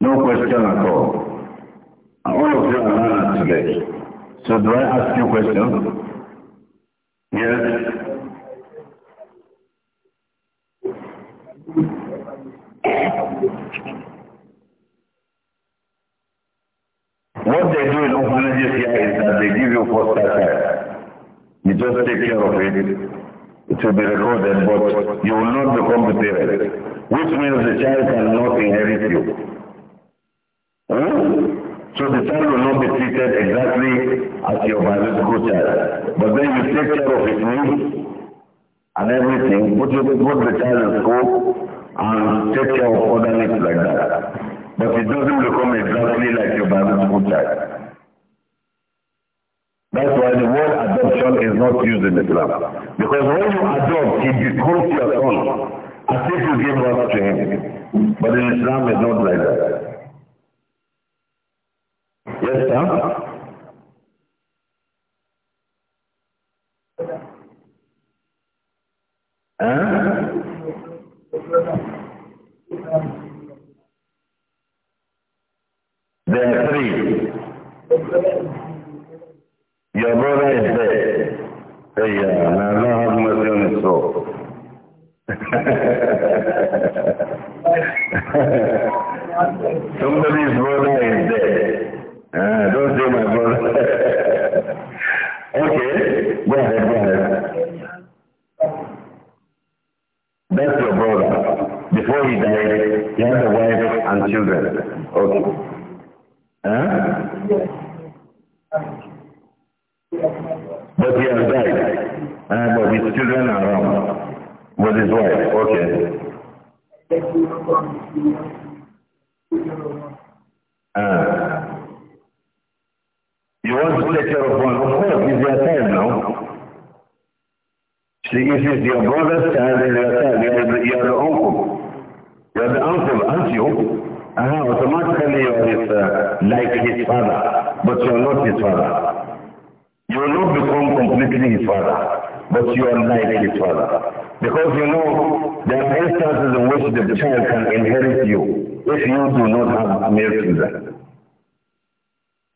No question at all. all of you are learners today. So do I ask you questions? Yes? to be recorded, but you will not become the parent, which means the child cannot inherit you. Hmm? So the child will not be treated exactly as your biological child. But then you take care of his needs and everything, put, you, put the child in school and take care of other needs like that. But it doesn't become exactly like your biological child. That's why the word adoption is not used in Islam. Because when you adopt, he becomes your son. As if you give birth to him. But in Islam, it's not like that. Yes, sir? Huh? There are three. yeah, now have mercy on soul. Somebody's brother is dead. Ah, don't say my brother. You your likely father. Because you know, there are instances in which the child can inherit you if you do not have male children.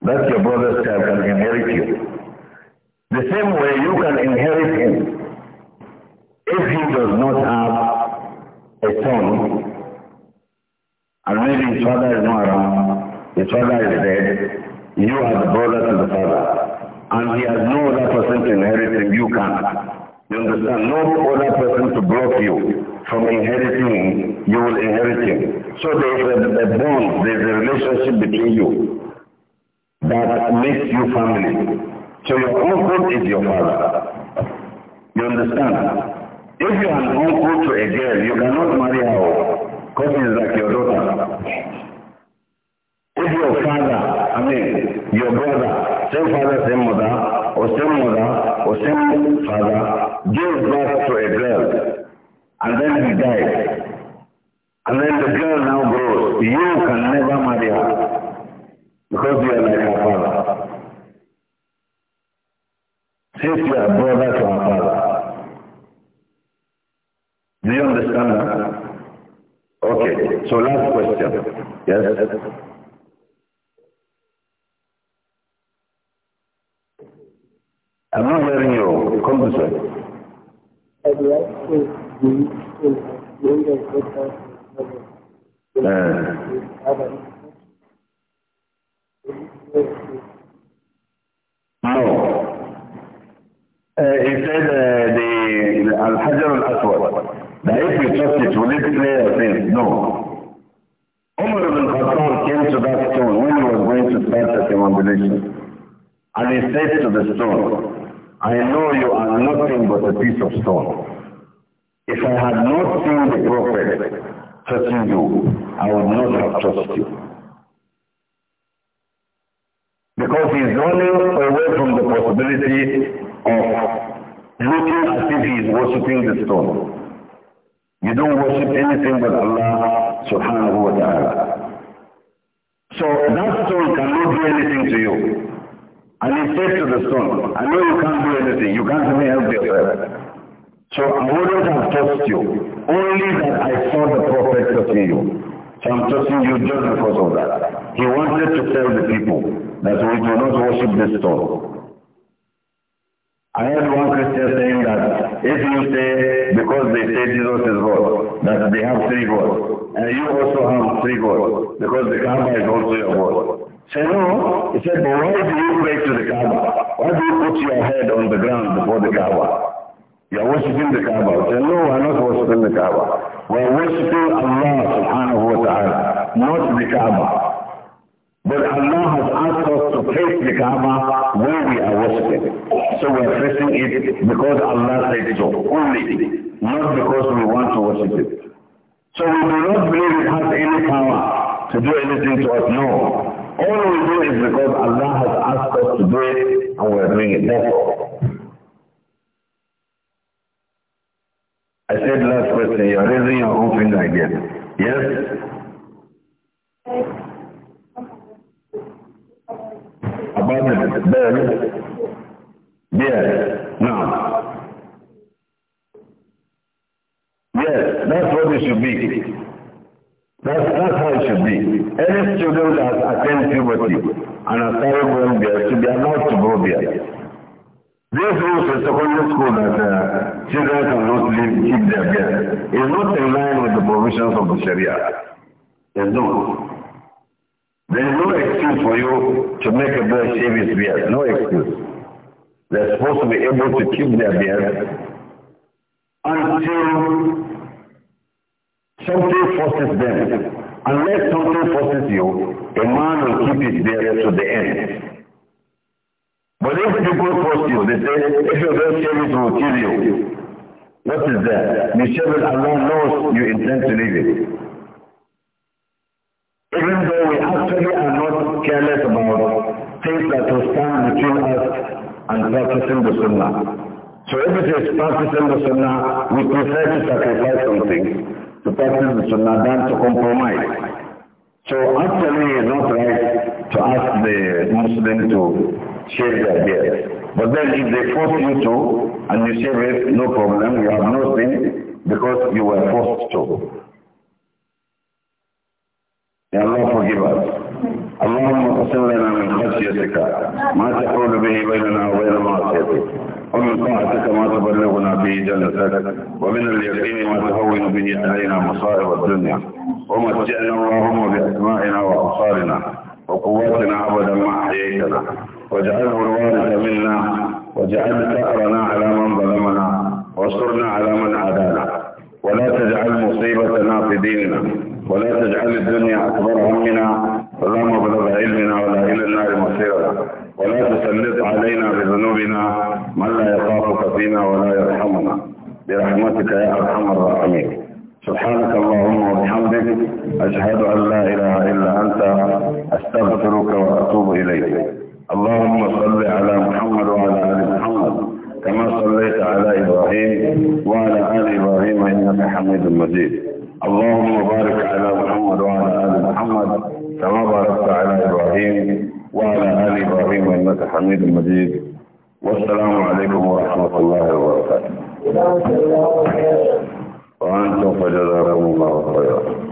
That's your brother's child can inherit you. The same way you can inherit him if he does not have a son and maybe his father is not around, his father is dead, you are the brother to the father and he has no other person to inherit him, you can't. You understand? No other person to block you from inheriting, you will inherit him. So there is a, a bond, there is a relationship between you that makes you family. So your uncle is your father. You understand? If you are an uncle to a girl, you cannot marry her because she is like your daughter. If your father, I mean, your brother, same father, same mother, or some mother or some father gave birth to a girl and then he died. And then the girl now grows. You can never marry her because you are like her father. Since you are brother to her father. Do you understand that? Okay, so last question. Yes? I'm not wearing you. Come Uh, no. Uh, he said uh, the, Al-Hajar al-Aswad. That if we trust it, will it clear things? No. Umar ibn Khattab came to that stone when he was going to start the congregation. And he said to the stone, I know you are nothing but a piece of stone. If I had not seen the prophet touching you, I would not have trusted you. Because he is running away from the possibility of looking as if he is worshipping the stone. You don't worship anything but Allah subhanahu wa ta'ala. So that stone cannot do anything to you. And he said to the stone, I know you can't do anything. You can't even help yourself. So I wouldn't have touched you. Only that I saw the prophet touching you. So I'm touching you just because of that. He wanted to tell the people that we do not worship this stone. I had one Christian saying that if you say, because they say Jesus is God, that they have three gods, and you also have three gods, because the Kaaba is also your God. Say, no. He said, but why do you pray to the Kaaba? Why do you put your head on the ground before the Kaaba? You are worshipping the Kaaba. He said, no, we are not worshipping the Kaaba. We are worshipping Allah subhanahu wa ta'ala, not the Kaaba. But Allah has asked us to face the Kaaba where we are worshipping. So we are facing it because Allah said so, only, not because we want to worship it. So we do not believe it has any power to do anything to us, no. All we do is because Allah has asked us to do it and we're doing it. Therefore, I said last question, you're raising your own finger again. Yes? About the bell? Yes. Now. Yes, that's what it should be. That's, that's how it should be. Any student that attains puberty and a started growing beard should be allowed to grow beard. These rules in secondary school that uh, children cannot leave, keep their beard is not in line with the provisions of the Sharia. There's no. There is no excuse for you to make a boy shave his beard. No excuse. They're supposed to be able to keep their beard until Something forces them. Unless something forces you, a man will keep it there to the end. But if people force you, they say, if you don't save it, will kill you. What is that? Mishabul alone knows you intend to leave it. Even though we actually are not careless about things that will stand between us and practicing the Sunnah. So if it is practicing the Sunnah, we prefer to sacrifice something. The person is not done to compromise. So actually it's not right to ask the Muslim to share their beard. But then if they force you to and you share it, no problem, you have no sin because you were forced to. May Allah forgive us. Allahumma wa اغفر Ma من bihi wa تحول wa بيننا وبين معصيتك ومن طاعتك ما تبلغنا به جنتك ومن اليقين ما تهون به علينا مصائب الدنيا ومتعنا اللهم بأسمائنا وأبصارنا وقواتنا أبدا ما أحييتنا واجعله الوارث منا واجعل ثأرنا على من ظلمنا وانصرنا على من عادانا ولا تجعل مصيبتنا في ديننا ولا تجعل الدنيا أكبر همنا اللهم بلغ علمنا ولا إلى النار مصيرنا ولا تسلط علينا بذنوبنا من لا يخافك فينا ولا يرحمنا برحمتك يا أرحم الراحمين سبحانك اللهم وبحمدك أشهد أن لا إله إلا أنت أستغفرك وأتوب إليك اللهم صل على محمد وعلى آل محمد كما صليت على إبراهيم وعلى آل إبراهيم إنك حميد مجيد اللهم بارك على محمد وعلى آل محمد كما باركت على إبراهيم وعلى آل إبراهيم إنك حميد مجيد والسلام عليكم ورحمة الله وبركاته وأنتم فجزاكم الله خيرا